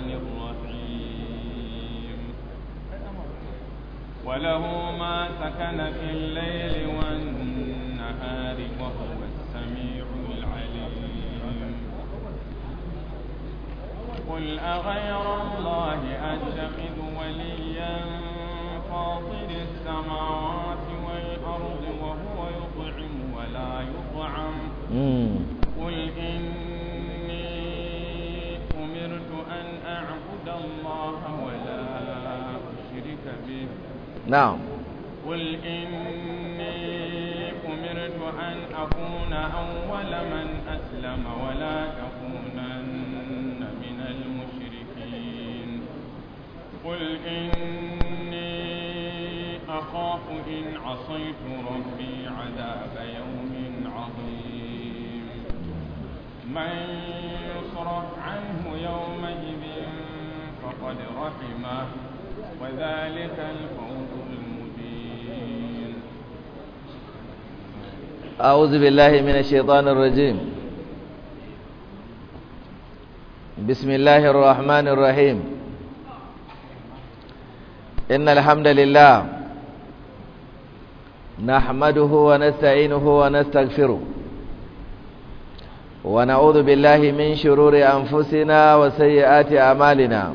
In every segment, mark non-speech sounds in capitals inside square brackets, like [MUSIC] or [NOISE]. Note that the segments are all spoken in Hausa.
الرحمن الرحيم وله ما سكن في الليل والنهار وهو السميع العليم قل أغير الله أتخذ وليا فاطر السماوات والأرض وهو يطعم ولا يطعم قل إن أعبد الله ولا أشرك به نعم قل إني أمرت أن أكون أول من أسلم ولا تكونن من المشركين قل إني أخاف إن عصيت ربي عذاب يوم عظيم من يصرف عنه يومئذ فقد رحمه وذلك الفوز المبين أعوذ بالله من الشيطان الرجيم بسم الله الرحمن الرحيم إن الحمد لله نحمده ونستعينه ونستغفره ونعوذ بالله من شرور أنفسنا وسيئات أعمالنا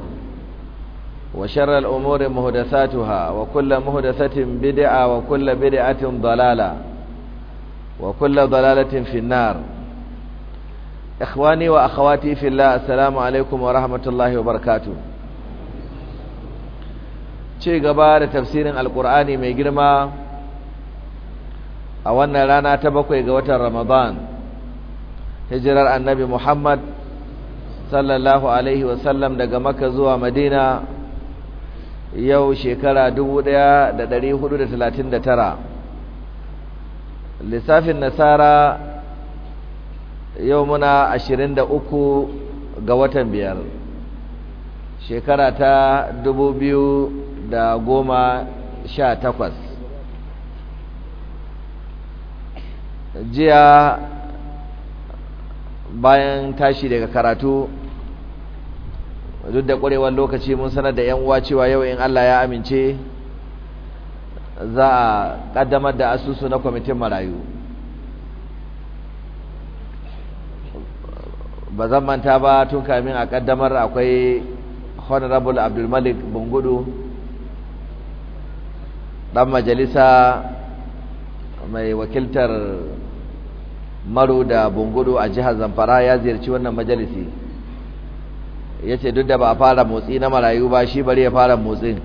وشر الأمور مهدثاتها وكل مهدثة بدعة وكل بدعة ضلالة وكل ضلالة في النار إخواني وأخواتي في الله السلام عليكم ورحمة الله وبركاته ci gaba da tafsirin Alƙur'ani mai girma a wannan rana ta bakwai ga watan ramadan hijirar annabi muhammad sallallahu alaihi wasallam daga maka zuwa madina yau shekara da hudu talatin 1439 lissafin nasara yau muna ashirin da uku ga watan biyar shekara ta da goma sha takwas jiya bayan tashi daga karatu duk da ƙwarewar lokaci mun sanar da 'yan uwa cewa yau in Allah ya amince za a ƙaddamar da asusu na kwamitin marayu ba zan manta ba tun kamin a ƙaddamar akwai honorable abdulmalik bungudu ɗan majalisa mai wakiltar maru da bungudu a jihar zamfara ya ziyarci wannan majalisi ya ce duk da ba a fara motsi na marayu ba shi bari ya fara motsin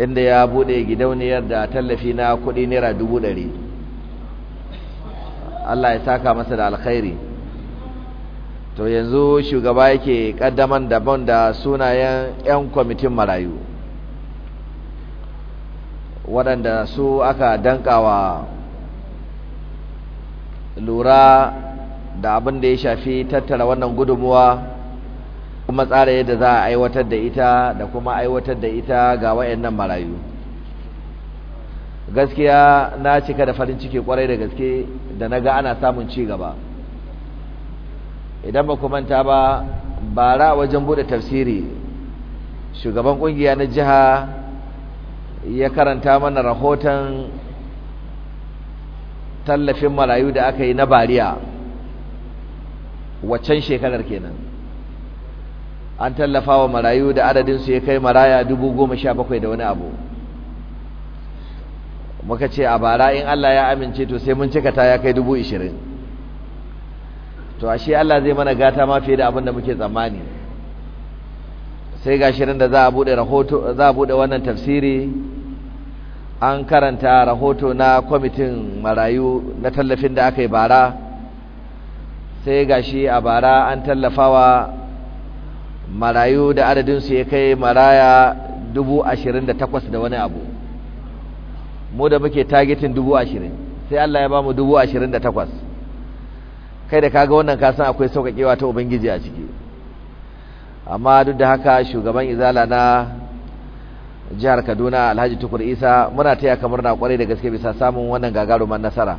inda ya buɗe gidauniyar da tallafi na kuɗi naira dubu ɗari Allah ya saka masa da alkhairi to yanzu shugaba yake ƙaddaman daban da sunayen 'yan kwamitin marayu waɗanda su aka wa. lura da abin da ya shafi tattara wannan gudunmuwa kuma tsara yadda za a aiwatar da ita da kuma aiwatar da ita ga wayannan marayu gaskiya na cika da farin ciki kwarai da gaske da naga ana samun ci gaba idan ba ku manta ba bara wajen bude tafsiri shugaban kungiya na jiha ya karanta mana rahoton tallafin marayu da aka yi na bariya waccan shekarar kenan an tallafa wa marayu da adadinsu ya kai maraya dubu goma sha bakwai da wani abu muka ce a bara in Allah ya amince to sai mun cika ta ya kai dubu ishirin to ashe Allah zai mana gata ma fiye da abin da muke tsammani sai ga shirin da za a buɗe rahoto za a buɗe wannan tafsiri an karanta rahoto na kwamitin marayu na tallafin da aka yi bara sai gashi a bara an tallafawa marayu da adadinsu ya kai maraya dubu da wani abu mu da muke targetin dubu sai Allah ya ba mu dubu da kai da kaga wannan kasan akwai saukakewa ta ubangiji a ciki amma duk da haka shugaban izala na jihar kaduna alhaji tukur isa muna taya kamar na kwarai da gaske bisa samun wannan gagaruman nasara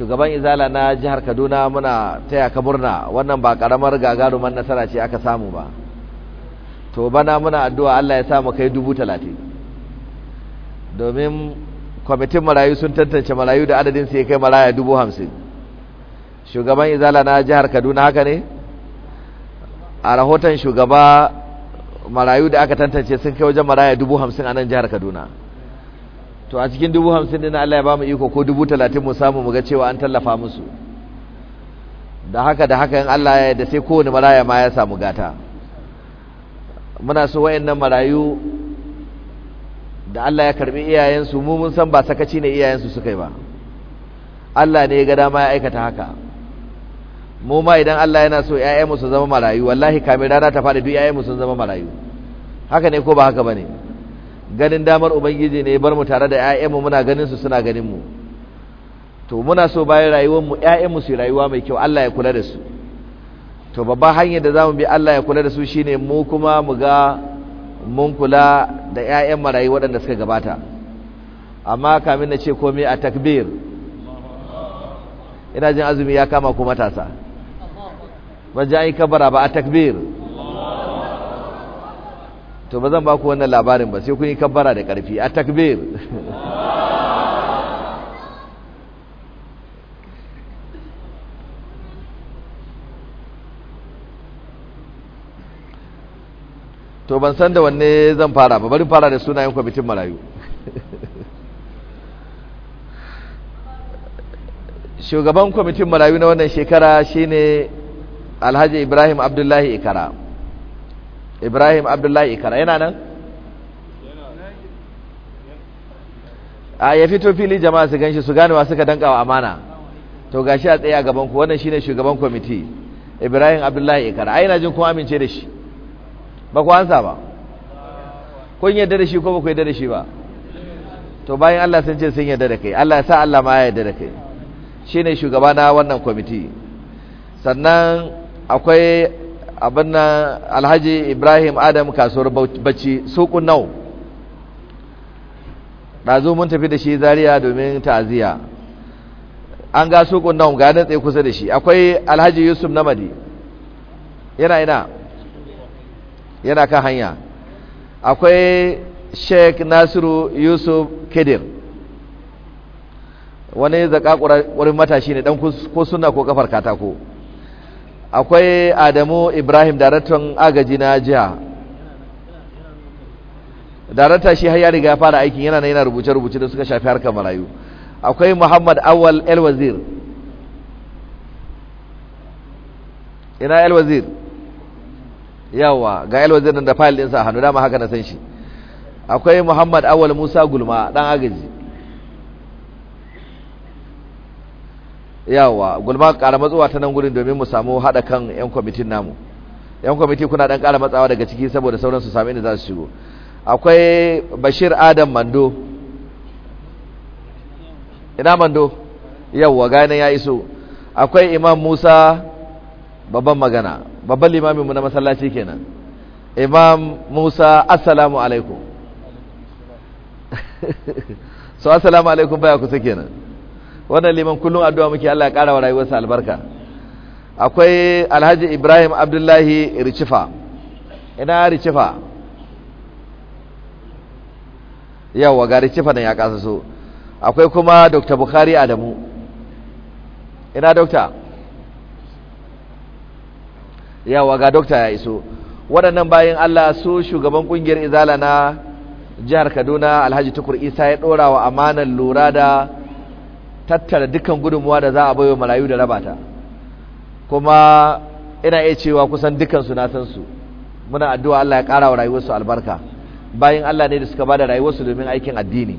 shugaban izala na jihar kaduna muna taya ka murna wannan ba karamar gagaruman nasara ce aka samu ba to bana muna addu'a allah ya samu kai dubu talatin domin kwamitin marayu sun tantance marayu da adadin su ya kai maraya dubu hamsin shugaban izala na jihar kaduna haka ne a rahoton shugaba marayu da aka tantance sun kai wajen maraya dubu hamsin a nan jihar kaduna to a cikin dubu hamsin din Allah ya ba mu iko ko dubu talatin mu samu mu ga cewa an tallafa musu da haka da haka in Allah ya da sai kowane maraya ma ya samu gata muna so nan marayu da Allah ya karbi iyayensu mu mun san ba sakaci ne iyayensu suka yi ba Allah ne ya ga dama ya aikata haka mu ma idan Allah yana so ƴaƴanmu su zama marayu wallahi kamin rana ta faɗi duk ƴaƴanmu sun zama marayu haka ne ko ba haka bane ne ganin damar ubangiji ne bar mu tare da ƴaƴanmu muna ganin su suna ganin mu to muna so bayan rayuwar mu ƴaƴanmu su rayuwa mai kyau Allah ya kula da su to babban hanyar da zamu bi Allah ya kula da su shine mu kuma mu ga mun kula da 'ya'yan marayu waɗanda suka gabata amma kamin na ce komai a takbir ina jin azumi ya kama ku matasa ban kabara ba a takbir to ba zan ba ku wannan labarin ba sai kun yi kabbara da ƙarfi a takbir [LAUGHS] to ban san da wanne zan fara ba bari fara da sunayen kwamitin marayu [LAUGHS] shugaban kwamitin marayu na wannan shekara shine alhaji ibrahim abdullahi ikara ibrahim abdullahi ikara yana nan a ya fito fili jama'a su ganshi su gane wa suka danka wa amana to ga shi a tsaye a gaban ku wannan shine shugaban kwamiti ibrahim abdullahi ikara a ina jin kuma amince da shi ba ku ansa ba kun yadda da shi ko ba ku yadda da shi ba to bayan Allah sun ce sun yadda da kai Allah ya sa Allah ma ya yadda da kai shine shugaba na wannan kwamiti sannan akwai abin na alhaji ibrahim adam kasuwar bacci sukun nau ɗazu mun tafi da shi zariya domin ta'aziyya an ga sukun nau ga nan tsaye kusa da shi akwai alhaji yusuf madi yana ina yana kan hanya akwai shek nasiru yusuf kedir wani zaƙaƙurar matashi ne ɗan ko suna ko kafar katako akwai adamu ibrahim daraton agaji na jiha darata shi har ya riga fara aikin yana yana rubuce-rubuce da suka shafi harkar marayu akwai muhammad awal elwazir ina elwazir yawa ga elwazir nan da fayil ɗinsa a hannu dama haka na san shi akwai muhammad awal musa gulma ɗan agaji yawa gulma ƙara matsuwa ta nan gudun domin mu samu haɗa kan 'yan kwamitin namu 'yan kwamiti kuna ɗan ƙara matsawa daga ciki saboda sauran su sami inda za su shigo akwai bashir adam mando ina mando yawa gani ya iso akwai imam musa babban magana babban limaminmu na masallaci kenan imam musa assalamu alaikum [LAUGHS] so assalamu alaikum baya kusa kenan wannan liman kullum addu'a muke Allah ya ƙara wa rayuwarsa albarka akwai alhaji ibrahim abdullahi ricifa ina ricifa yawa ga ricifa nan ya kasa so akwai kuma dr bukhari adamu ina dokta yawa ga dokta ya iso waɗannan bayan allah su shugaban ƙungiyar izala na jihar kaduna alhaji tukur isa ya ɗora wa amanan lura da tattara dukkan gudunmuwa da za a bayo marayu da rabata kuma ina iya cewa kusan dukkansu na san su muna addu'a Allah ya ƙara wa rayuwarsu albarka bayan Allah ne da suka ba da rayuwarsu domin aikin addini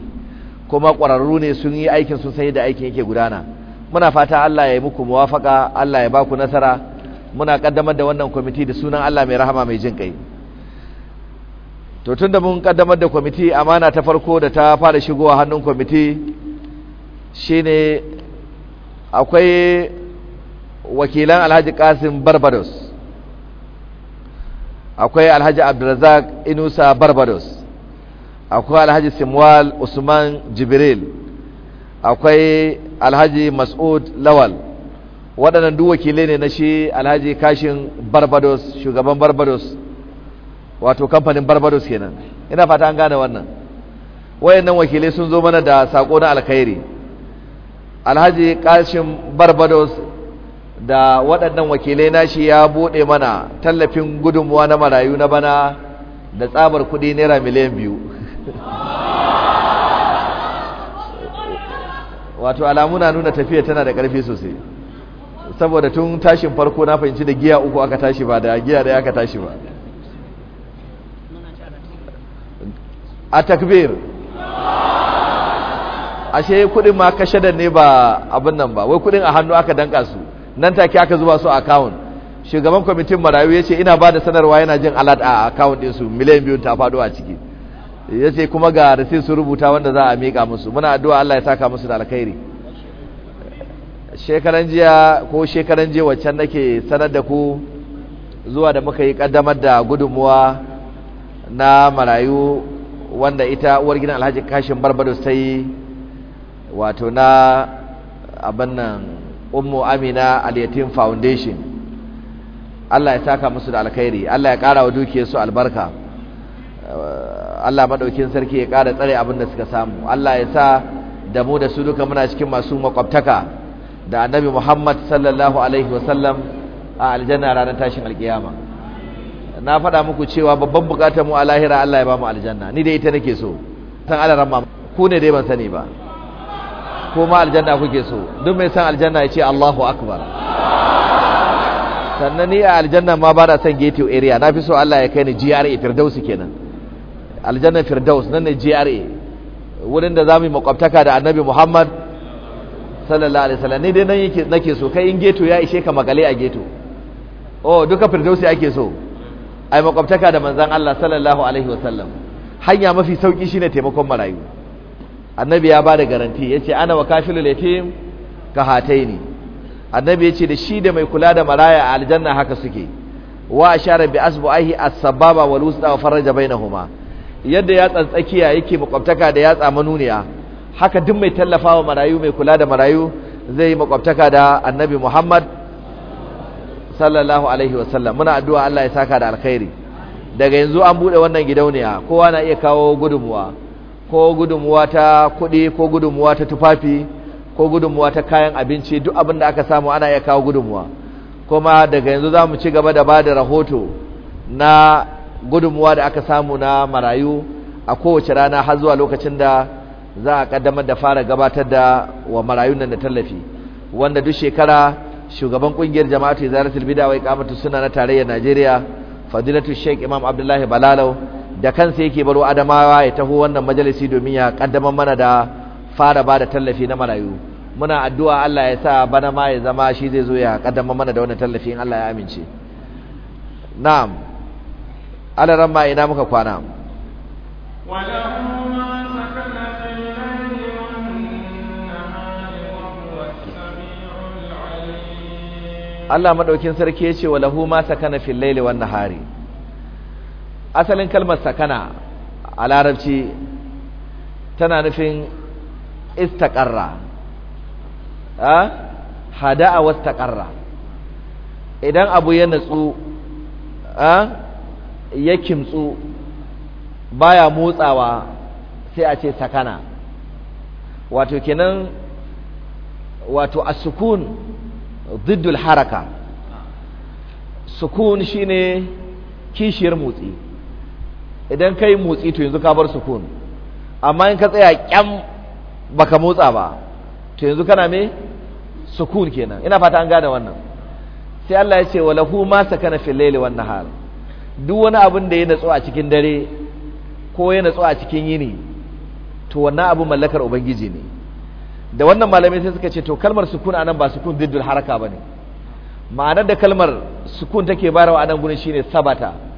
kuma ƙwararru ne sun yi aikin sun san yadda aikin yake gudana muna fata Allah ya yi muku muwafaka Allah ya ba ku nasara muna kaddamar da wannan kwamiti da sunan Allah mai rahama mai jin kai to tunda mun ƙaddamar da kwamiti amana ta farko da ta fara shigowa hannun kwamiti shine akwai wakilan alhaji kasim barbados akwai alhaji abdulrazak inusa barbados akwai alhaji simwal usman jibril akwai alhaji mas'ud lawal waɗannan duk wakilai ne na shi alhaji kashin barbados shugaban barbados wato kamfanin barbados kenan ina fata an gane wannan wayannan wakilai sun zo mana da sako na alkhairi alhaji kashin barbados da waɗannan wakilai nashi ya buɗe mana tallafin gudunmuwa na marayu na bana da tsabar kuɗi naira miliyan biyu [LAUGHS] wato alamu na nuna tafiya tana da ƙarfi sosai saboda tun tashin farko na fahimci da giya uku aka tashi ba da giya da aka tashi ba a takbir ashe kudin ma kashe da ne ba abin nan ba wai kudin a hannu aka danka su nan take aka zuba su a account shugaban kwamitin marayu ya ce ina ba da sanarwa yana jin alat a account su miliyan biyun ta faɗo a ciki ya ce kuma ga rasin su rubuta wanda za a miƙa musu muna addu'a Allah ya saka musu da alkhairi shekaran jiya ko shekaran jiya waccan nake sanar da ku zuwa da muka yi kaddamar da gudunmuwa na marayu wanda ita uwar gidan alhaji kashin barbados ta yi wato na abin nan ummu amina aliyatin foundation Allah ya saka musu da alkhairi Allah ya karawa wa su albarka eh, Allah madaukin sarki ya kara tsare abin da suka samu Allah ya sa da mu da su duka muna cikin masu makwabtaka da annabi Muhammad sallallahu alaihi wasallam a aljanna ranar tashin alkiyama na faɗa muku cewa babban bukatar mu a lahira Allah ya ba mu aljanna ni da ita nake so san ramma ku ne dai ban sani ba ko ma aljanna kuke so duk mai san aljanna ya ce Allahu akbar sannan ni a aljanna ma ba na son ghetto area na fi so Allah ya kai ni GRA Firdaus kenan aljanna Firdaus nan ne GRA wurin da zamu yi makwabtaka da Annabi Muhammad sallallahu alaihi wasallam ni dai nan yake nake so kai in ghetto ya ishe ka magale a ghetto oh duka Firdaus ake so ai makwabtaka da manzon Allah sallallahu alaihi wasallam hanya mafi sauki shine taimakon marayu annabi ya ba da garanti ya ce ana wa kafilul yatim ka hatai ne annabi ya ce da shi da mai kula da maraya a aljanna haka suke wa share bi ahi a sababa wa wusta wa na huma. yadda yatsan tsakiya yake makwabtaka da yatsa manuniya haka duk mai tallafawa marayu mai kula da marayu zai yi makwabtaka da annabi Muhammad sallallahu alaihi wasallam muna addu'a Allah ya saka da alkhairi daga yanzu an buɗe wannan gidauniya kowa na iya kawo gudunmuwa ko gudunmuwa ta kuɗi ko gudunmuwa ta tufafi ko gudunmuwa ta kayan abinci duk abin da aka samu ana iya kawo gudunmuwa kuma daga yanzu za mu ci gaba da ba da rahoto na gudunmuwa da aka samu na marayu a kowace rana har zuwa lokacin da za a ƙaddamar da fara gabatar da wa marayun nan da tallafi wanda duk shekara shugaban ƙungiyar jama'atu zaratul bid'a kamatu suna na tarayyar Najeriya fadilatu Sheikh Imam Abdullahi Balalau da kansa yake baro adamawa ya taho wannan majalisi domin ya kaddama mana da fara ba da tallafi na marayu muna addu'a Allah ya sa bana ma ya zama shi zai zo ya kaddama mana da wannan tallafi in Allah ya amince na'am ala ramma ina muka kwana Allah madaukin sarki ya ce wa lahu ma sakana fil laili wan nahari asalin kalmar sakana a larabci tana nufin istaƙarra hada'a wastaƙarra idan abu ya natsu ya kimtsu baya motsawa sai a ce sakana wato kenan wato a sukun ziddul haraka sukun shine kishiyar motsi idan kai motsi to yanzu ka bar sukun amma in ka tsaya kyam ka motsa ba to yanzu kana me sukun kenan ina fata an gane wannan sai Allah ya ce wa lahu ma sakana fil layli wan nahar duk wani abin da ya natsu a cikin dare ko ya natsu a cikin yini to wannan abu mallakar ubangiji ne da wannan malamai sai suka ce to kalmar sukun anan ba sukun diddul haraka bane ma'anar da kalmar sukun take bayarwa anan gurin shine sabata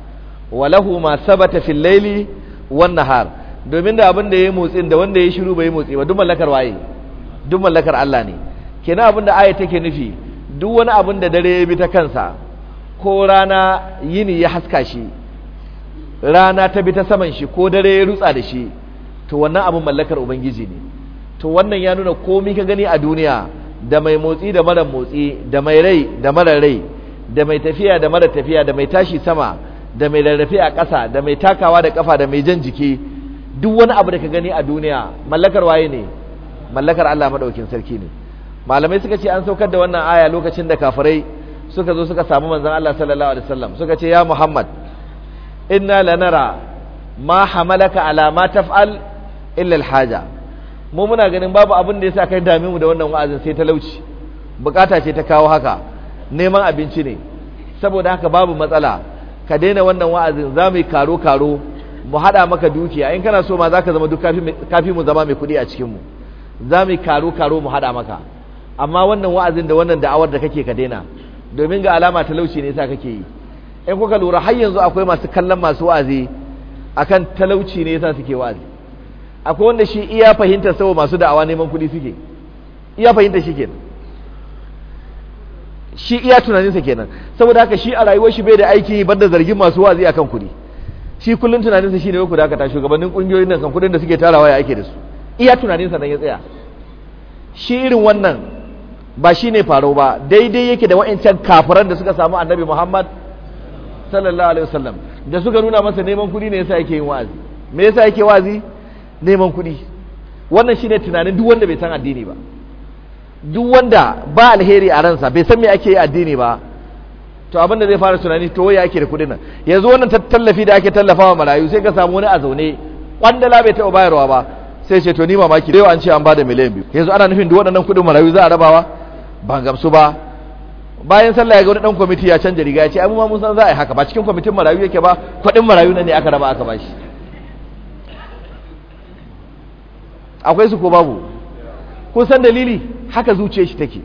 walahu ma sabata fil laili wan nahar domin da abin da yayi motsin da wanda yayi shiru bai motsi ba duk mallakar waye duk mallakar Allah ne kenan abin da ayat take nufi duk wani abin da dare ya bi ta kansa ko rana yini ya haska shi rana ta bi ta saman shi ko dare ya rutsa da shi to wannan abin mallakar ubangiji ne to wannan ya nuna komai ka gani a duniya da mai motsi da mara motsi da mai rai da mara rai da mai tafiya da mara tafiya da mai tashi sama da mai rarrafe a ƙasa da mai takawa da ƙafa da mai jan jiki duk wani abu da ka gani a duniya mallakar waye ne mallakar Allah madaukin sarki ne malamai suka ce an saukar da wannan aya lokacin da kafirai suka zo suka samu manzon Allah sallallahu alaihi wasallam suka ce ya Muhammad inna lanara ma hamalaka ala ma taf'al illa alhaja mu muna ganin babu abin da yasa kai dame mu da wannan wa'azin sai talauci bukata ce ta kawo haka neman abinci ne saboda haka babu matsala ka daina wannan wa'azin za mu yi karo karo mu haɗa maka dukiya in kana so ma za ka zama duk kafi mu zama mai kuɗi a cikinmu za mu yi karo karo mu haɗa maka amma wannan wa'azin da wannan da'awar da kake ka daina domin ga alama talauci ne sa kake yi in kuka lura har yanzu akwai masu kallon masu wa'azi akan talauci ne sa suke wa'azi akwai wanda shi iya fahimtar saboda masu da'awa neman kuɗi suke iya fahimtar shi kenan shi iya tunaninsa kenan saboda haka shi a rayuwar shi bai da aiki banda da zargin masu wazi akan kuɗi shi kullum tunaninsa shine ku dakata shugabannin kungiyoyin nan kan kuɗin da suke tarawa ya ake da su iya tunaninsa nan ya tsaya shi irin wannan ba shi ne faro ba daidai yake da wa'ancan kafiran da suka samu annabi muhammad sallallahu alaihi wasallam da suka nuna masa neman kuɗi ne yasa yake yin wa'azi me yasa yake wa'azi neman kuɗi wannan shine tunanin duk wanda bai san addini ba duk wanda ba alheri a ransa bai san me ake yi addini ba to abin da zai fara tunani to waya ake da kudin nan yanzu wannan tallafi da ake tallafawa wa marayu sai ka samu wani a zaune kwandala bai taɓa bayarwa ba sai ce to ni mamaki da yau an ce an bada miliyan biyu yanzu ana nufin duk waɗannan kuɗin marayu za a rabawa ban gamsu ba bayan sallah ya ga wani dan kwamiti ya canja riga ya ce amma mun san za a yi haka ba cikin kwamitin marayu yake ba kuɗin marayu na ne aka raba aka bashi akwai su ko babu kun san dalili haka zuciyar shi take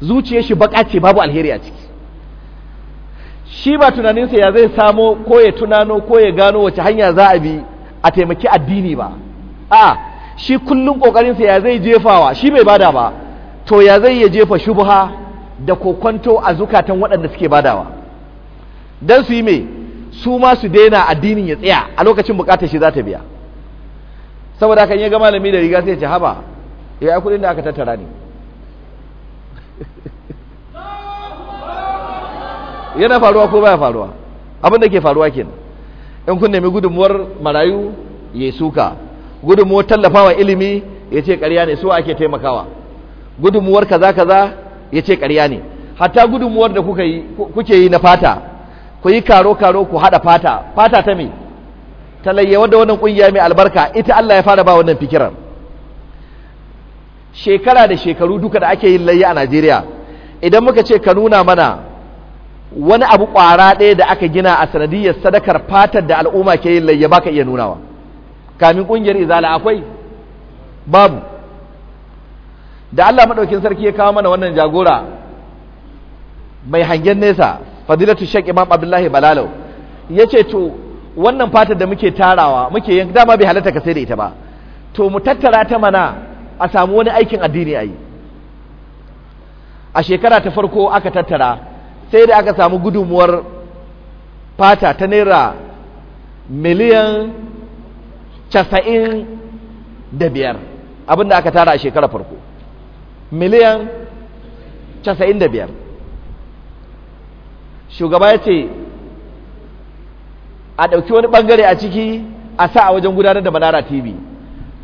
zuciyar shi baka ce babu alheri a ciki shi ba tunaninsa ya zai samo ko ya tunano ko ya gano wace hanya za a bi a taimaki addini ba a shi kullum kokarinsa ya zai jefawa shi bai bada ba to ya zai ya jefa shubha da kokwanto a zukatan waɗanda suke badawa dan su yi mai su ma su daina addinin ya tsaya a lokacin bukatar shi za ta biya saboda kan ya ga malami da riga sai ya ce haba ya kudin da aka tattara ne yana faruwa ko baya faruwa abin da ke faruwa kenan in kun nemi gudunmuwar marayu ya suka gudunmuwar tallafawa ilimi ya ce ƙarya ne su ake taimakawa gudunmuwar kaza kaza ya ce ƙarya ne hatta gudunmuwar da kuke yi na fata ku yi karo karo ku haɗa fata fata ta me talayya wadda wannan ƙungiya mai albarka ita Allah ya fara ba wannan fikirar shekara da shekaru duka da ake yin layya a Najeriya idan muka ce ka nuna mana wani abu ƙwara ɗaya da aka gina a sanadiyar sadakar fatar da al'umma ke yin layya ka iya nunawa kamin ƙungiyar izala akwai babu da Allah maɗaukin sarki ya kawo mana wannan jagora mai hangen nesa fadilatu shek imam abdullahi balalau ya ce to wannan fatar da muke tarawa muke yin dama bai halatta ka sai da ita ba to mu tattara ta mana a samu wani aikin addini a yi a shekara ta farko aka tattara sai da aka samu gudunmuwar fata ta naira miliyan casa'in da biyar abinda aka tara a shekara farko miliyan casa'in da biyar shugaba ya ce a ɗauki wani ɓangare a ciki a sa a wajen gudanar da manara tv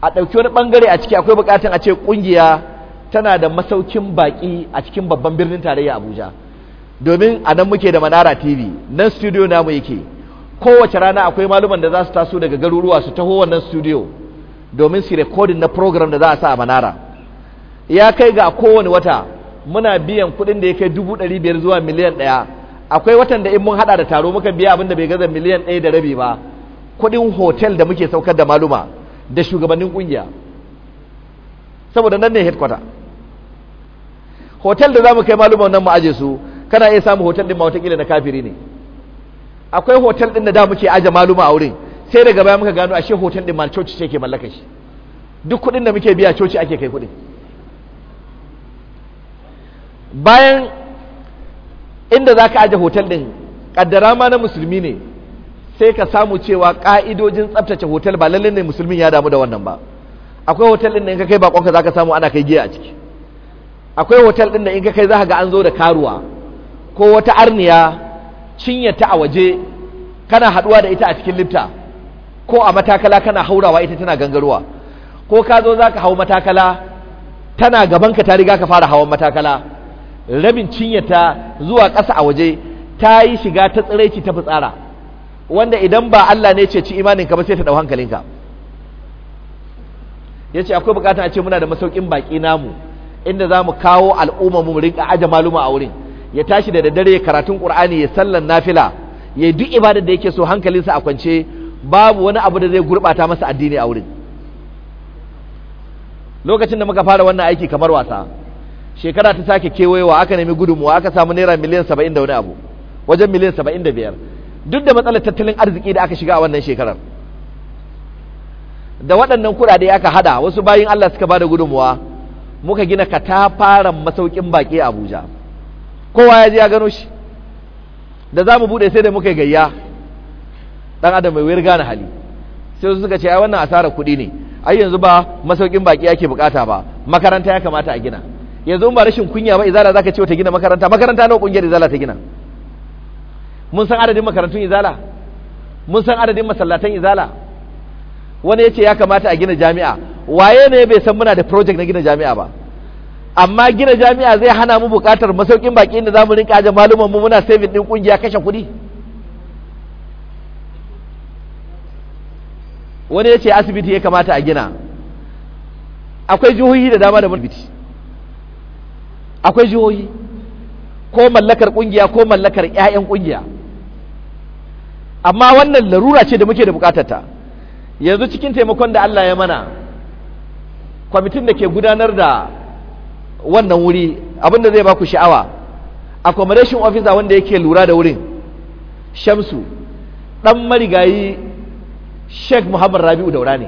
a ɗauki wani ɓangare a ciki akwai buƙatar a ce ƙungiya tana da masaukin baƙi a cikin babban birnin tarayya abuja domin a nan muke da manara tv nan studio mu yake kowace rana akwai maluman da za su taso daga garuruwa su taho wannan studio domin su rikodin na program da za a sa a manara ya kai ga kowane wata muna biyan kuɗin da ya kai dubu ɗari biyar zuwa miliyan ɗaya akwai watan da in mun haɗa da taro muka biya abin da bai gaza miliyan ɗaya da rabi ba kuɗin hotel da muke saukar da maluma da shugabannin kungiya saboda nan ne headquarter hotel da zamu kai maluman nan mu aje su kana iya samu hotel din ma kila na kafiri ne akwai hotel din da da muke aje maluma a wurin sai daga baya muka gano ashe hotel din ma coci ce ke mallakar shi duk kuɗin da muke biya coci ake kai kuɗin bayan inda za ka aje hotel din kaddara ma na musulmi ne sai ka samu cewa ka'idojin tsabtace hotel ba lallai ne musulmin ya damu da wannan ba akwai hotel ɗin da in ka kai bakonka ka samu ana kai giya a ciki akwai hotel ɗin da in ka kai za ka ga an zo da karuwa ko wata arniya cinye ta a waje kana haɗuwa da ita a cikin lifta ko a matakala kana haurawa ita tana gangarwa ko ka zo za ka hau matakala tana gabanka ta riga ka fara hawan matakala rabin cinye ta zuwa ƙasa a waje ta yi shiga ta tsiraici ta fitsara wanda idan ba Allah ne ce ci imaninka ba sai ta dau hankalinka yace akwai bukata a ce muna da masaukin baki namu inda zamu kawo al'umma mu rinka aje maluma a wurin ya tashi da daddare ya karatun qur'ani ya sallan nafila ya yi duk ibadar da yake so hankalinsa a kwance babu wani abu da zai gurbata masa addini a wurin lokacin da muka fara wannan aiki kamar wasa shekara ta sake kewayewa aka nemi gudunmuwa aka samu naira miliyan saba'in da wani abu wajen miliyan saba'in da biyar duk da matsalar tattalin arziki da aka shiga a wannan shekarar da waɗannan kuɗaɗe aka hada wasu bayin Allah suka ba da gudunmuwa muka gina katafaren masaukin baƙi a Abuja kowa ya ji ya gano shi da za mu buɗe sai da muka gayya ɗan adam mai wayar gane hali sai su suka ce ai wannan asarar kuɗi ne ai yanzu ba masaukin baƙi ake bukata ba makaranta ya kamata a gina yanzu ba rashin kunya ba izala zaka ce ta gina makaranta makaranta nawa kungiyar izala ta gina mun san adadin makarantun izala mun san adadin masallatan izala wani ya ce ya kamata a gina jami'a waye ne bai san muna da project na gina jami'a ba amma gina jami'a zai hana mu bukatar masaukin baki inda zamu rinka aje maluman mu muna saving din kungiya kashe kuɗi wani ya ce asibiti ya kamata a gina akwai jihohi da dama da asibiti akwai jihohi ko mallakar kungiya ko mallakar 'ya'yan kungiya amma wannan larura ce da muke da bukatarta yanzu cikin taimakon da Allah ya mana kwamitin da ke gudanar da wannan wuri abinda zai baku sha'awa accommodation officer wanda yake lura da wurin shamsu dan marigayi sheikh muhammad rabi'u daura ne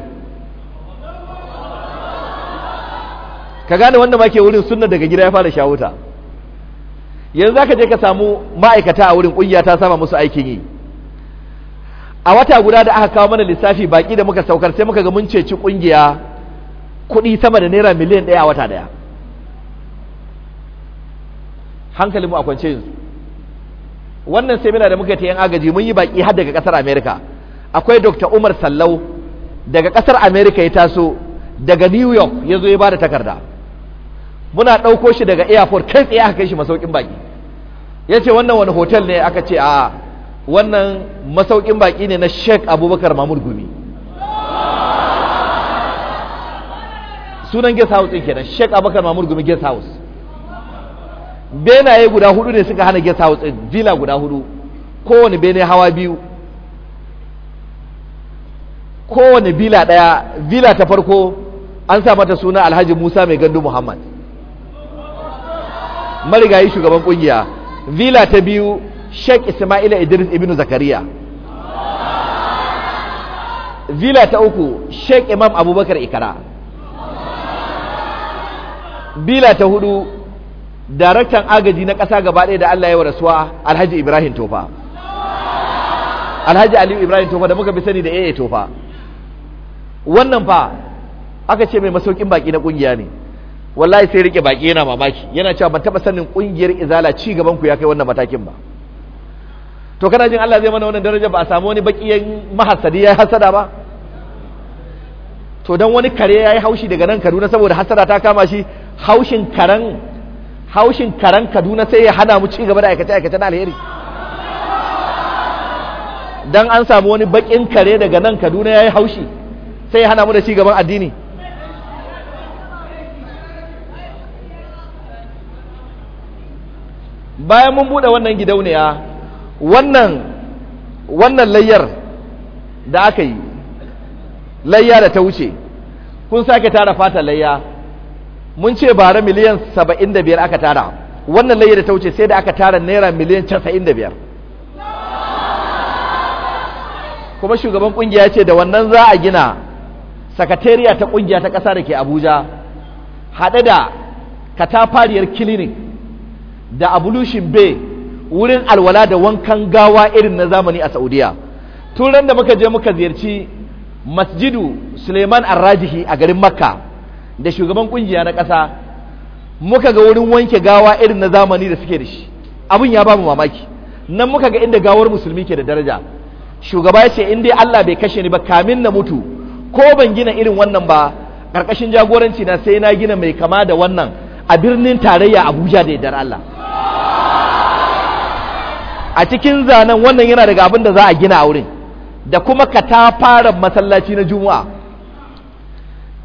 ka gane wanda ma ke wurin sunna daga gida ya fara shawuta yanzu za ka je ka samu ma'aikata a wurin ƙungiya ta sama musu aikin yi a wata guda da aka kawo mana lissafi baki da muka saukar sai muka ga mun ceci kungiya kuɗi sama da naira miliyan ɗaya a wata ɗaya hankalinmu a kwance yanzu wannan semina da muka ta yin agaji mun yi baki har daga ƙasar Amerika. akwai dr umar sallau daga ƙasar Amerika ya taso daga new york ya zo ya ba da takarda muna ɗauko shi daga airport kai tsaye aka kai shi masaukin baki ya ce wannan wani hotel ne aka ce a wannan masaukin baki ne na sheik abubakar Mahmud gumi sunan guest house kenan sheik abubakar Mahmud gumi guest house benaye guda hudu ne suka hana guest house villa guda hudu kowane bene hawa biyu kowane villa ɗaya villa ta farko an sa mata suna alhaji musa mai gandu muhammad marigayi shugaban kungiya villa ta biyu Sheikh Ismaila Idris ibn Zakariya villa ta uku Sheikh Imam Abubakar Ikara bila ta hudu daraktan agaji na ƙasa gaba ɗaya da Allah ya wa rasuwa Alhaji Ibrahim Tofa Alhaji Aliyu Ibrahim Tofa da muka bi sani da AA Tofa wannan fa aka ce mai masaukin baki na ƙungiya ne wallahi sai rike baki yana mamaki yana cewa ban taba sanin ƙungiyar izala ci gaban ku ya kai wannan matakin ba to kana jin Allah zai mana wannan daraja ba a samu wani baki bakiyan mahasadi yayi hasada ba to dan wani kare yayi haushi daga nan Kaduna saboda hasada ta kama shi haushin karan haushin karan Kaduna sai ya hana mu ci gaba da aikace aikace na alheri dan an samu wani bakin kare daga nan Kaduna yayi haushi sai ya hana mu da ci gaban addini bayan mun bude wannan gidauniya wannan wannan layyar da aka yi layya da ta wuce kun sake tara fata layya mun ce bara miliyan 75 aka tara wannan layyar da ta wuce sai da aka tara naira miliyan 95 kuma shugaban kungiya ce da wannan za a gina sakatariya ta kungiya ta ƙasa da ke abuja haɗe da katafariyar clinic da abolution bay wurin alwala da wankan gawa irin na zamani a saudiya tun da muka je muka ziyarci masjidu suleiman arrajihi a garin makka da shugaban kungiya na kasa muka ga wurin wanke gawa irin na zamani da suke da shi abin ya ba mu mamaki nan muka ga inda gawar musulmi ke da daraja shugaba ya ce in dai allah bai kashe ni ba kamin na mutu ko ban gina irin wannan ba ƙarƙashin jagoranci na sai na gina mai kama da wannan a birnin tarayya abuja da yardar allah a cikin zanen wannan yana daga abin da za a gina a wurin da kuma ka ta fara masallaci na juma'a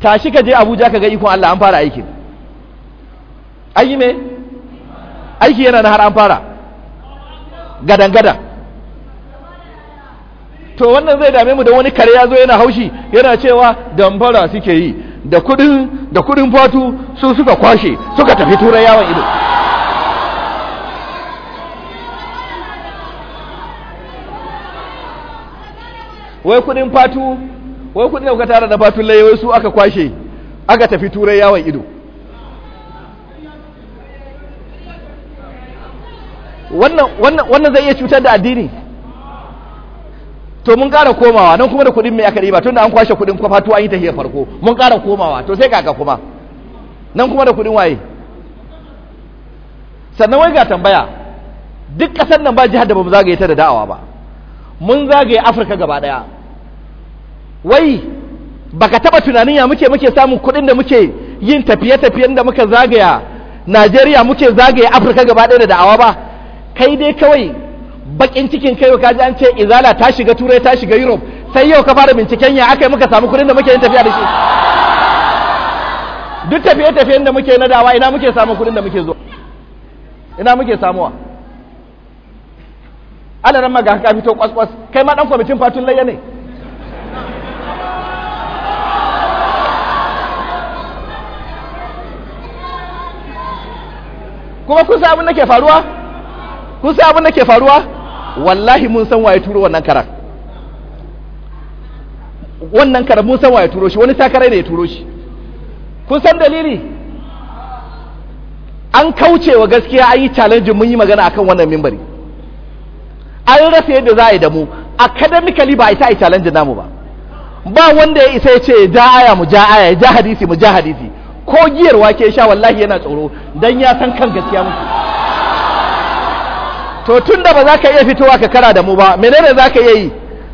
tashi ka je abuja ka ga ikon allah an fara aikin ayi ne? aiki yana na har an fara gadan to wannan zai dame mu da wani kare ya zo yana haushi yana cewa damfara suke yi da kudin fatu su suka kwashe suka tafi turai yawon ido wai kudin fatu wai kudin da tara da fatun laye wai su aka kwashe aka tafi turai yawon ido wannan zai iya cutar da addini to mun ƙara komawa nan kuma da kuɗin mai aka riba tunda an kwashe kuɗin fatu an yi tafiya farko mun ƙara komawa to sai kaka kuma nan kuma da kuɗin waye sannan wai ga tambaya duk ƙasar nan ba jihar da mu zagaye ta da da'awa ba mun zagaye Afirka gaba ɗaya wai baka taba tunanin ya muke muke samun kuɗin da muke yin tafiye-tafiyen da muka zagaya Najeriya muke zagaya Afirka gaba ɗaya da da'awa ba kai dai kawai bakin cikin kai ka ji an ce izala ta shiga turai ta shiga Europe sai yau ka fara binciken ya aka yi muka samu kuɗin da muke yin tafiya da shi duk tafiye-tafiyen da muke na dawa ina muke samun kuɗin da muke zo ina muke samuwa alaran maga ka fito kwaskwas kai ma dan kwamitin fatun layya ne kuma kun san abin da ke faruwa kun san abin da ke faruwa wallahi mun san waye turo wannan karar wannan karar mun san waye turo shi wani takarai ne ya turo shi kun san dalili an kauce wa gaskiya an yi challenge mun yi magana akan wannan mimbari an rasa yadda za a yi da mu academically ba a yi ta yi challenge namu ba ba wanda ya isa ya ce ja aya mu ja aya ja hadisi mu ja hadisi ko giyar wake sha wallahi yana tsoro dan ya san kan gaskiya muke to tunda ba za ka iya fitowa ka kara da mu ba menene za ka iya yi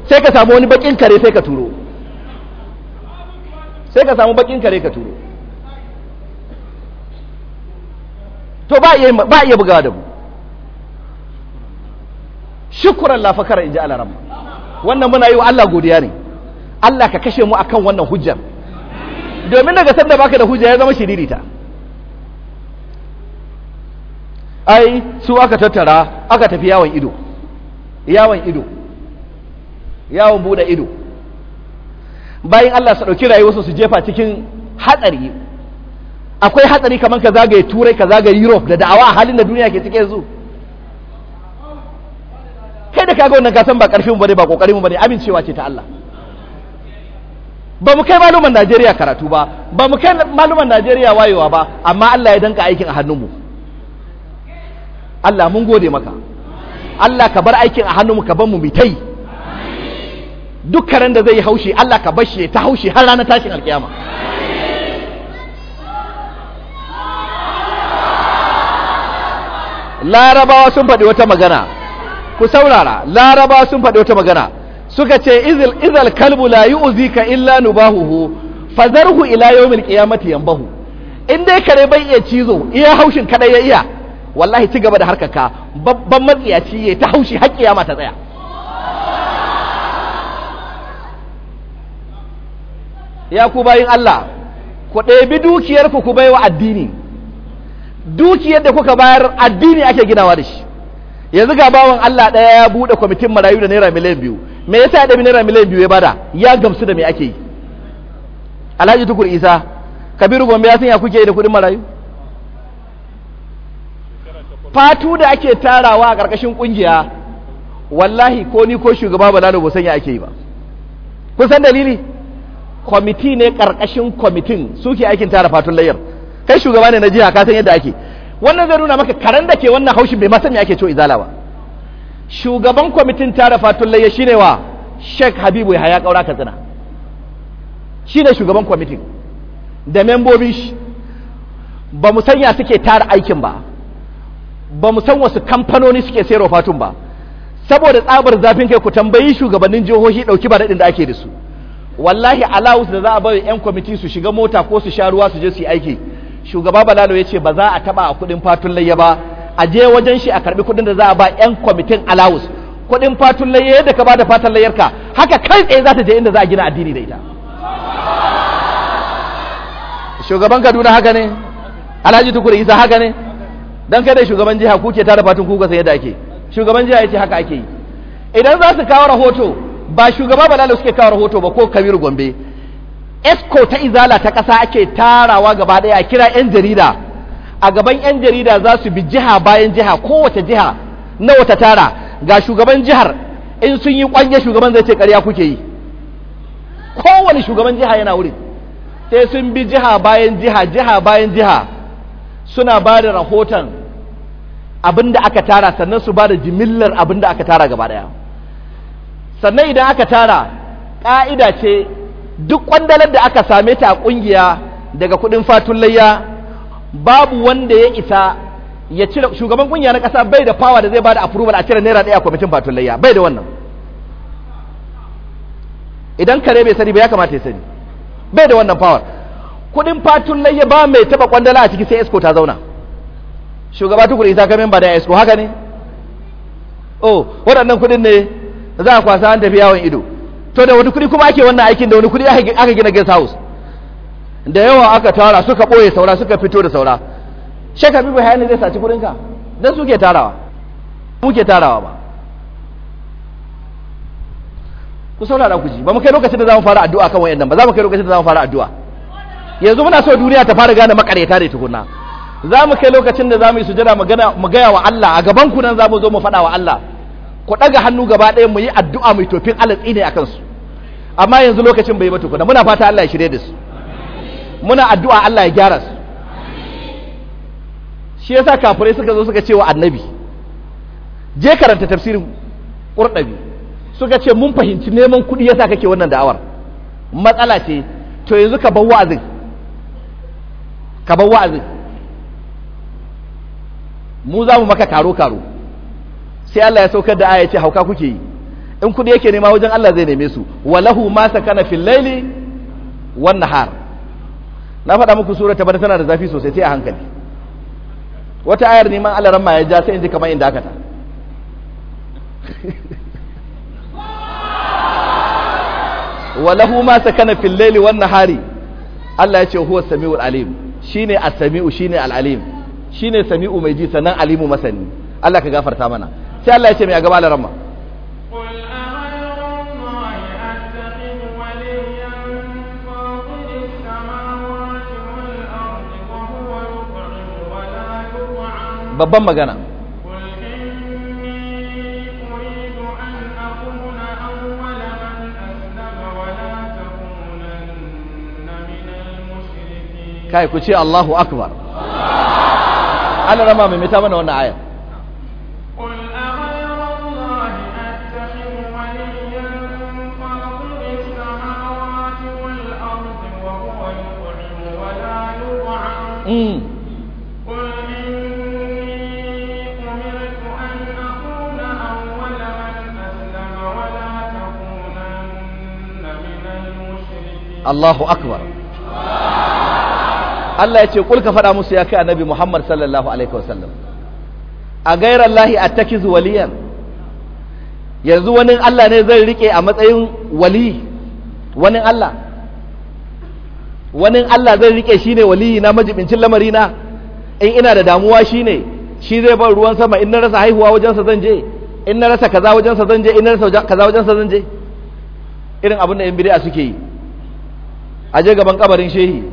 sai ka samu wani bakin kare sai ka turo sai ka samu bakin kare ka turo to ba iya ba iya bugawa da mu shukran la fakara inji alaramma wannan muna yi wa Allah godiya ne Allah ka kashe mu akan wannan hujjar domin daga sanda baka da hujja ya zama shiririta ai su aka tattara aka tafi yawon ido yawon ido yawon bude ido bayan Allah su ɗauki rayuwarsu su jefa cikin hatsari akwai hatsari kamar ka zagaye turai ka zagaye europe da da'awa a halin da duniya ke cike yanzu kai da kaga wannan gasan ba karfin bane ba kokarin mu bane amincewa ce ta Allah ba mu kai maluman Najeriya karatu ba ba mu kai maluman Najeriya wayewa ba amma Allah ya danka aikin a hannunmu Allah mun gode maka Allah ka bar aikin a hannunmu ka bar mu mitai duk karen da zai yi haushi Allah ka bar shi ta haushi har ranar tashin alkiyama larabawa sun faɗi wata magana ku saurara larabawa sun faɗi wata magana suka ce izil izal kalbu la yu'zika illa nubahuhu fazarhu ila yawmil qiyamati yanbahu in dai kare bai iya cizo iya haushin kada ya iya wallahi ci gaba da harkaka babban matsiyaci ya ta haushi har kiyama ta tsaya ya ku bayin Allah ku ɗebi dukiyarku ku baiwa addini dukiyar da kuka bayar addini ake ginawa da shi yanzu ga bawan Allah ɗaya ya buɗe kwamitin marayu da naira miliyan biyu me yasa ya ɗabi naira miliyan biyu ya bada ya gamsu da me ake yi alhaji tukur isa kabiru gombe ya san ya kuke da kuɗin marayu fatu da ake tarawa a ƙarƙashin ƙungiya wallahi ko ni ko shugaba ba lalo san ake yi ba kusan dalili kwamiti ne ƙarƙashin kwamitin suke aikin tara fatun layar kai shugaba ne na jiha ka san yadda ake wannan zai nuna maka karen da ke wannan haushin bai ma san me ake ciwo izala ba shugaban kwamitin tara fatun fatullayya shine wa Sheikh Habibu Yahaya Kaura Katsina shine shugaban kwamitin da membobi shi ba mu sanya suke tara aikin ba ba mu san wasu kamfanoni suke sayarwa fatun ba saboda tsabar zafin kai ku tambayi shugabannin jihohi ɗauki ba daɗin da ake da su wallahi alawus da za a bari yan kwamiti su shiga mota ko su sha ruwa su je su yi aiki shugaba balalo ya ce ba za a taɓa a kuɗin fatun layya ba a je wajen shi a karbi kuɗin da za a ba 'yan kwamitin alawus kuɗin fatun layyar yadda ka ba da fatan ka haka kai tsaye za ta je inda za a gina addini da ita shugaban kaduna haka ne alhaji tukuri isa haka ne Don kai kada shugaban jiha kuke tara fatun kuka sai yadda ake shugaban jiha ya ce haka ake yi idan za su kawo rahoto ba shugaba ba lalata suke kawo rahoto ba ko kabiru gombe esco ta izala ta ƙasa ake tarawa gaba ɗaya a kira 'yan jarida a gaban 'yan jarida za su bi jiha bayan jiha kowace jiha na wata tara ga shugaban jihar in sun yi kwanye shugaban zai ce karya kuke yi kowane shugaban jiha yana wuri sai sun bi jiha bayan jiha jiha bayan jiha suna ba da rahoton abin da aka tara sannan su ba da jimillar abin da aka tara gaba daya sannan idan aka tara ƙa'ida ce duk kwandalar da aka same ta a ƙungiya daga kuɗin fatun layya babu wanda ya isa ya cire shugaban kungiya na kasa bai da power da zai bada approval a cire naira daya kwamitin batun layya bai da wannan idan kare bai sani ba ya kamata ya sani bai da wannan power kudin fatun layya ba mai taba kwandala a ciki sai esco ta zauna shugaba tukur isa ka memba da esco haka ne oh waɗannan kudin ne za a kwasa an tafi yawon ido to da wani kudi kuma ake wannan aikin da wani kudi aka gina guest house da yawa aka tara suka ɓoye saura suka fito da saura shaka bibu hayani zai saci kudinka don suke tarawa muke tarawa ba ku da ku ji ba mu kai lokacin da za mu fara addu'a kan wayannan ba za mu kai lokacin da za mu fara addu'a yanzu muna so duniya ta fara gane makareta da tukunna za mu kai lokacin da za mu yi sujada mu gaya wa Allah a gaban ku nan za mu zo mu faɗa wa Allah ku ɗaga hannu gaba ɗaya mu yi addu'a mai tofin alatsi ne a kansu amma yanzu lokacin bai ba tukuna muna fata Allah ya shirye da su muna addu'a Allah ya gyara su shi yasa kafirai suka zo suka ce wa annabi je karanta tafsirin ƙurɗabi suka ce mun fahimci neman kuɗi yasa kake wannan da'awar matsala ce to yanzu ka ban wa'azin ka ban wa'azin mu za mu maka karo karo sai Allah ya saukar da aya ce hauka kuke yi in kuɗi yake nema wajen Allah zai neme su walahu ma sakana fil laili wan nahar na faɗa muku surar ta tana da zafi sosai sai a hankali wata ayar neman alaran ma ya ja sai in ji kamar inda aka [LAUGHS] walahu ma sakana fil laili wan nahari Allah ya ce huwa samiul alim shine as-sami'u shine al-alim shine sami'u mai ji sannan alimu masani Allah ka gafarta mana sai Allah ya ce mai gaba alaran babban magana kai ku ce Allahu akbar Allah rama mai mita mana wannan ayar Mm. Allahu akbar Allah ya ce kul ka faɗa musu ya kai annabi Muhammad sallallahu alaihi wasallam a gairar lahi a takizu waliyan yanzu wani Allah ne zai rike a matsayin wali wani Allah wani Allah zai rike shi ne wali na majibincin lamari na in ina da damuwa shi ne shi zai bar ruwan sama in na rasa haihuwa wajensa zan je in na rasa kaza wajensa zan je in na rasa kaza wajensa zan je irin abin da yan bid'a suke yi a je gaban kabarin shehi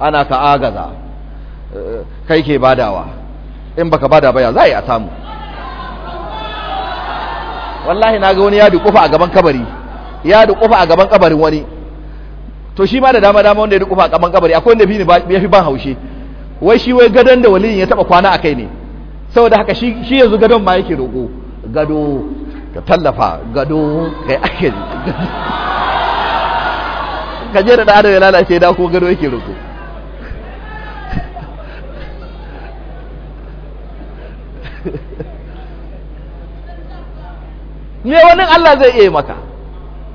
ana ka agaza eh, kai ke badawa in baka bada baya za a yi a samu wallahi na ga wani yadu kufa a gaban kabari yadu kufa a gaban kabarin wani to shi ma da dama dama wanda ya dukufa a gaban kabari akwai wanda ya fi ban haushe wai shi wai gadon da waliyin ya taba kwana a kai ne saboda haka shi yanzu gadon ma yake roƙo gado ka tallafa gado kai ake gado ka je da ɗan ya lalace da ko gado yake ruku [LAUGHS] me wani Allah zai iya maka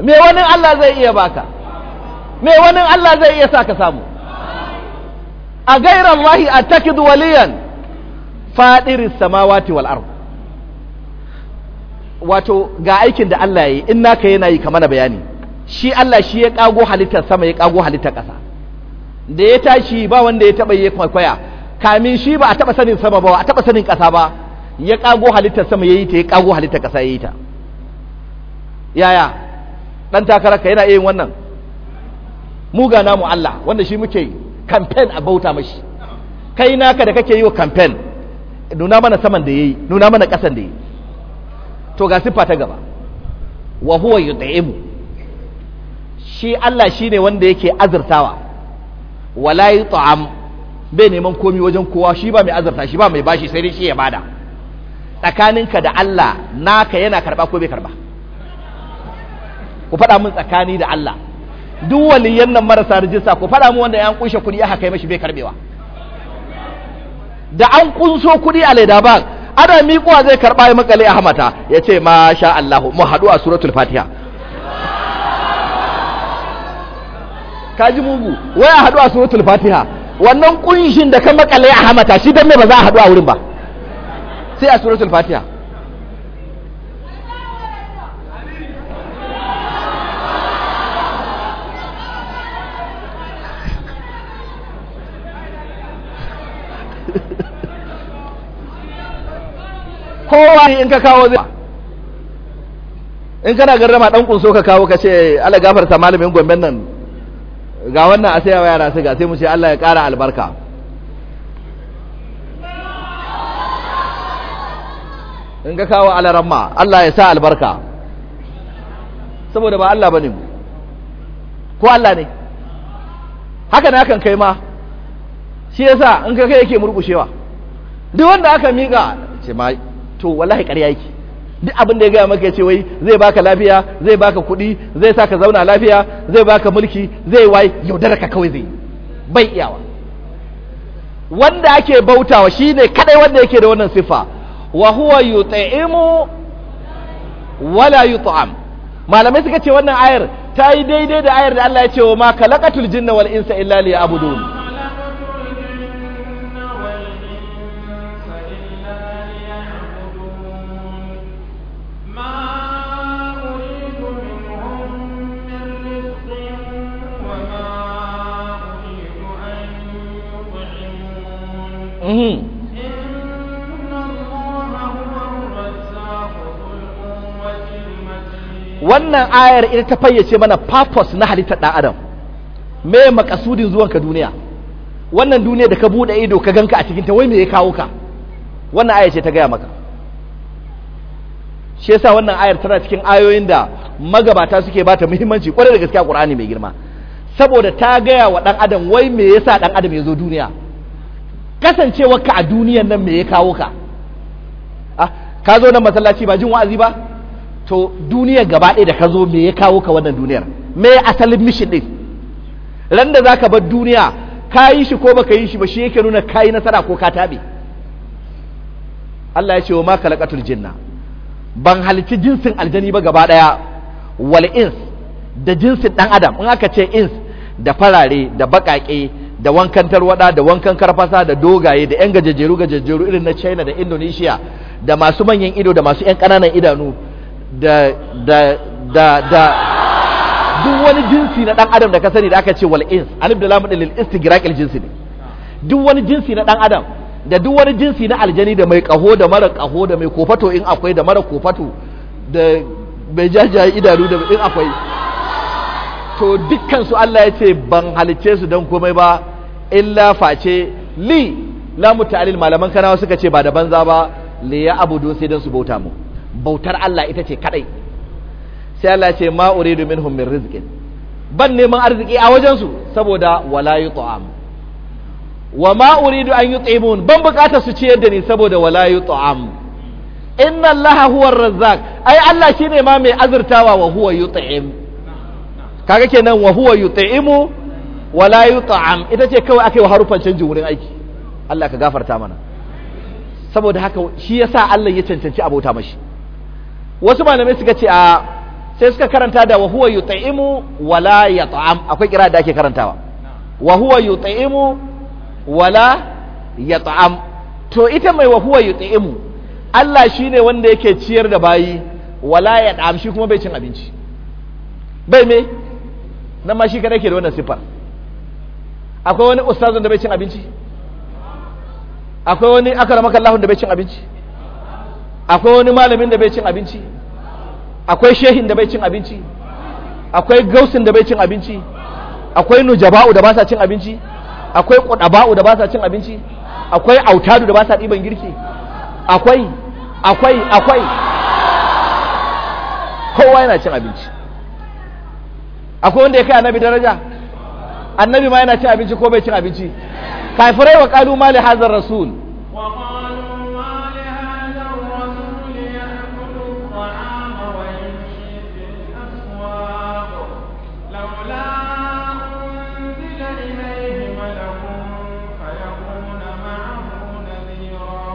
me wani Allah zai iya baka me wani Allah zai iya sa ka samu a gairar lahi a takid waliyan fadiris samawati wal ardh wato ga aikin da Allah ya yi in naka yana yi mana bayani shi Allah shi ya kago halittar sama ya ƙago halittar ƙasa da ya tashi ba wanda ya taba ya kwaikwaya kamin shi ba a taba sanin sama ba a taba sanin ƙasa ba ya kago halittar sama yayi ta ya ƙago halittar ƙasa yi ta yaya ɗan takararka yana yin wannan muga namu Allah wanda shi muke campaign a bauta mashi kai naka da kake yi wa campaign nuna mana saman da yayi nuna mana ƙasan da yayi to ga siffa ta gaba wa huwa yud'imu shi Allah shi ne wanda yake azurtawa wala yi ta'am bai neman komi wajen kowa shi ba mai azurta shi ba mai bashi sai dai shi ya bada tsakaninka da Allah naka yana karba ko bai karba ku faɗa min tsakani da Allah duk waliyan nan marasa rijista ku faɗa min wanda ya kunshe kuɗi aka kai mashi bai karbewa da an kunso kuɗi a laida ba ana miƙo zai karba ya makale a hamata ya ce masha Allah mu haɗu a suratul fatiha ka ji mugu wai a a suratul fatiha wannan kunshin da ka makale a hamata shi don me ba za a hadu a wurin ba sai a suratul fatiha [LAUGHS] kowa in ka kawo zai in kana garrama dan ƙunso ka kawo ka ce ala gafarta malamin gomben nan ga wannan a sayawa yara siga sai mu ce Allah ya ƙara albarka in ga kawo alaramma Allah ya sa albarka saboda ba Allah bane ko Allah ne haka na kan kai ma shi yasa in ka kai yake murkushewa duk wanda aka miƙa ce ma to wallahi ƙarya yake duk abin da ya gaya maka ya ce wai zai baka lafiya zai baka kuɗi zai sa ka zauna lafiya zai baka mulki zai wai yaudara ka kawai zai bai iyawa wanda ake bautawa ne kadai wanda yake da wannan sifa wa huwa yut'imu wala yut'am malamai suka ce wannan ayar ta yi daidai da ayar da Allah ya ce wa ma khalaqatul jinna wal insa illa liya'budun Mm-hmm. wannan ayar ita ta fayyace mana purpose na halitta ɗan adam me makasudin zuwanka duniya wannan duniya da ka buɗe ido ka ganka a cikin ta wai me ya kawo ka wannan ayar ce ta gaya maka shi yasa wannan ayar tana cikin ayoyin da magabata suke bata muhimmanci kwarai da gaske a Qur'ani mai girma saboda ta gaya wa ɗan adam wai me yasa ɗan adam ya zo duniya kasancewarka a duniyan nan me ya kawo ka ah, ka zo nan masallaci ba jin wa'azi ba to duniyar gaba ɗaya da ka zo me ya kawo ka wannan duniyar me asalin mishin ɗin ran da zaka bar duniya ka yi shi ko baka yi shi ba shi yake nuna ka yi nasara ko ka taɓe Allah ya ce wa ma khalaqatul jinna ban halici jinsin aljani ba gaba ɗaya wal ins da jinsin ɗan adam in aka ce ins da farare da baƙaƙe da wankan tarwada da wankan karfasa da dogaye da yan gajejeru gajejeru irin na china da indonesia da masu manyan ido da masu yan kananan idanu da da da da duk wani jinsi na dan adam da ka sani da aka ce wal ins alif da lam da lil al jinsi ne duk wani jinsi na dan adam da duk wani jinsi na aljani da mai kaho da mara kaho da mai kofato in akwai da mara kofato da mai jajaye idanu da in akwai to dukkan su Allah ya ce ban halice su dan komai ba illa face li lamu ta'lil malaman kanawa suka ce ba da banza ba li ya abudu sai dan su bauta mu bautar Allah ita ce kadai sai Allah ce ma uridu minhum min rizqin ban neman arziki a wajen su saboda wala yu'am wa ma uridu an yu'imun ban bukata su ciyar da ni saboda wala yu'am inna allaha huwa ar-razzaq ai Allah shine ma mai azurtawa wa huwa yu'im kaga kenan wa huwa yu'imu wala ta'am ita ce kawai aka yi wa harufan canji wurin aiki Allah ka gafarta mana saboda haka shi ya sa Allah ya cancanci abota mashi wasu malamai suka ce a sai suka karanta da wahuwa yi ta'imu wala ta'am akwai kira da ake karantawa wa yi ta'imu wala ta'am to ita mai wahuwa yi ta'imu Allah ne wanda yake ciyar da bayi wala ta'am shi kuma bai cin abinci bai me nan ma shi kada ke da wannan siffar akwai wani ustazun da bai cin abinci akwai wani akaramaka Allahun da bai cin abinci akwai wani malamin da bai cin abinci akwai shehin da bai cin abinci akwai gausin da bai cin abinci akwai nujaba'u da ba sa cin abinci akwai kudaba'u da ba sa cin abinci akwai autadu da ba sa ɗiban girki akwai akwai akwai kowa yana cin abinci akwai wanda ya kai annabi daraja annabi ma yana cin abinci ko bai cin abinci kafirai wa qalu ma li hadha rasul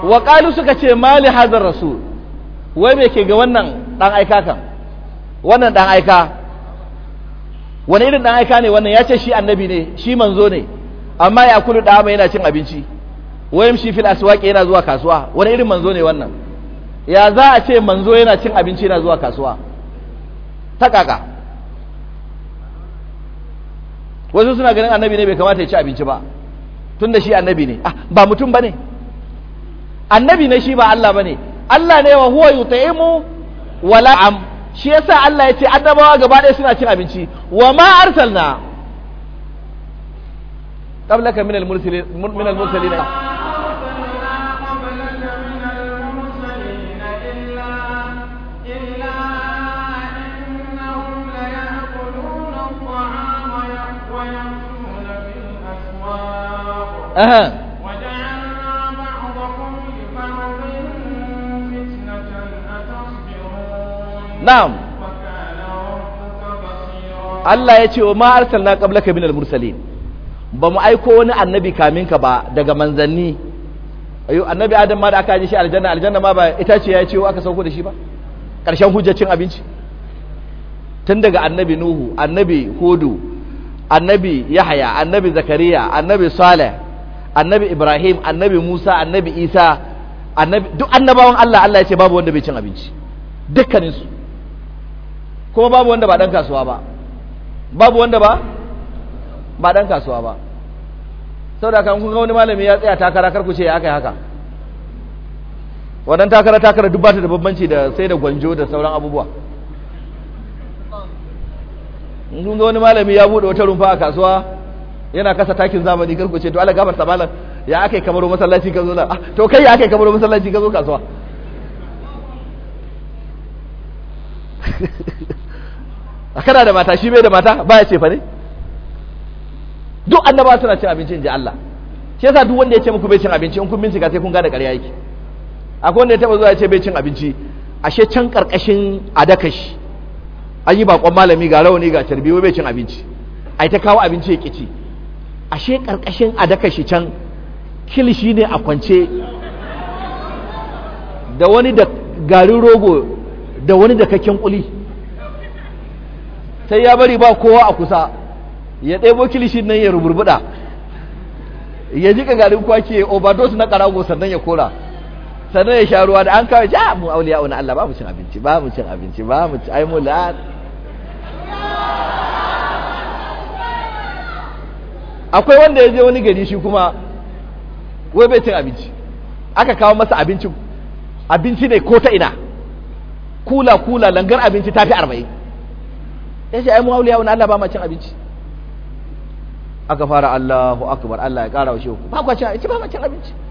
wa suka ce mali hadar rasul wai me ke ga wannan dan aika kan wannan dan aika wani irin dan aika ne wannan ya ce shi annabi ne shi manzo ne amma ya kulu da yana cin abinci wayam shi fil aswaqi yana zuwa kasuwa wani irin manzo ne wannan ya za a ce manzo yana cin abinci yana zuwa kasuwa ta kaka wasu suna ganin annabi ne bai kamata ya ci abinci ba tun da shi annabi ne ah ba mutum bane annabi ne shi ba Allah bane Allah ne wa huwa yutaimu wala am shi yasa Allah yace annabawa gaba ɗaya suna cin abinci wa ma arsalna qablaka min al-mursalin min al-mursalin Uh-huh. na'am Allah ya ce wa ma arsalna qablaka minal mursalin ba mu aiko wani annabi kamin ka ba daga manzanni ayo annabi adam ma da aka ji shi aljanna aljanna ma ba ita ce ya ce aka sauko da shi ba karshen hujjacin abinci tun daga annabi nuhu annabi hudu annabi yahya annabi zakariya annabi salih annabi ibrahim annabi musa annabi isa annabi duk annabawan Allah Allah ya ce babu wanda bai cin abinci dukkaninsu kuma babu wanda ba dan kasuwa ba babu wanda ba ba dan kasuwa ba saboda kan kun ga wani malami ya tsaya takara kar ku ce ya aka haka wannan takara takara duk bata da bambanci da sai da gwanjo da sauran abubuwa in kun ga wani malami ya bude wata rumfa a kasuwa yana kasa takin zamani kar ku ce to Allah ta malam ya akai kamaro masallaci ka zo na ah, to kai ya akai kamaro masallaci ka zo kasuwa [LAUGHS] a kana da mata shi bai da mata ba ya ce fa ne duk annaba suna cin abinci in ji Allah shi yasa duk wanda ya ce muku bai cin abinci in kun bincika sai kun gane ƙarya yake akwai wanda ya taba zuwa ya ce bai cin abinci ashe can karkashin adakashi an yi bakon malami ga rawani ga carbi wai bai cin abinci ai ta kawo abinci ya kici ashe karkashin adakashi can kilishi ne a kwance da wani da garin rogo da wani da kakken kuli sai ya bari ba kowa a kusa ya ɗebo kilishin nan ya ruburbuɗa ya ji garin kwaki ya overdose na ƙarago sannan ya kora sannan ya sha ruwa da an kawai ja mu auliya wani Allah ba mu cin abinci ba mu cin abinci ba mu ci ai mu akwai wanda ya je wani gari shi kuma wai bai cin abinci aka kawo masa abinci abinci ne ko ta ina kula kula langar abinci ta fi arba'in ya ce ai mu wani Allah ba ma cin abinci aka fara Allahu akbar Allah ya kara wa ba cin abinci ba ma cin abinci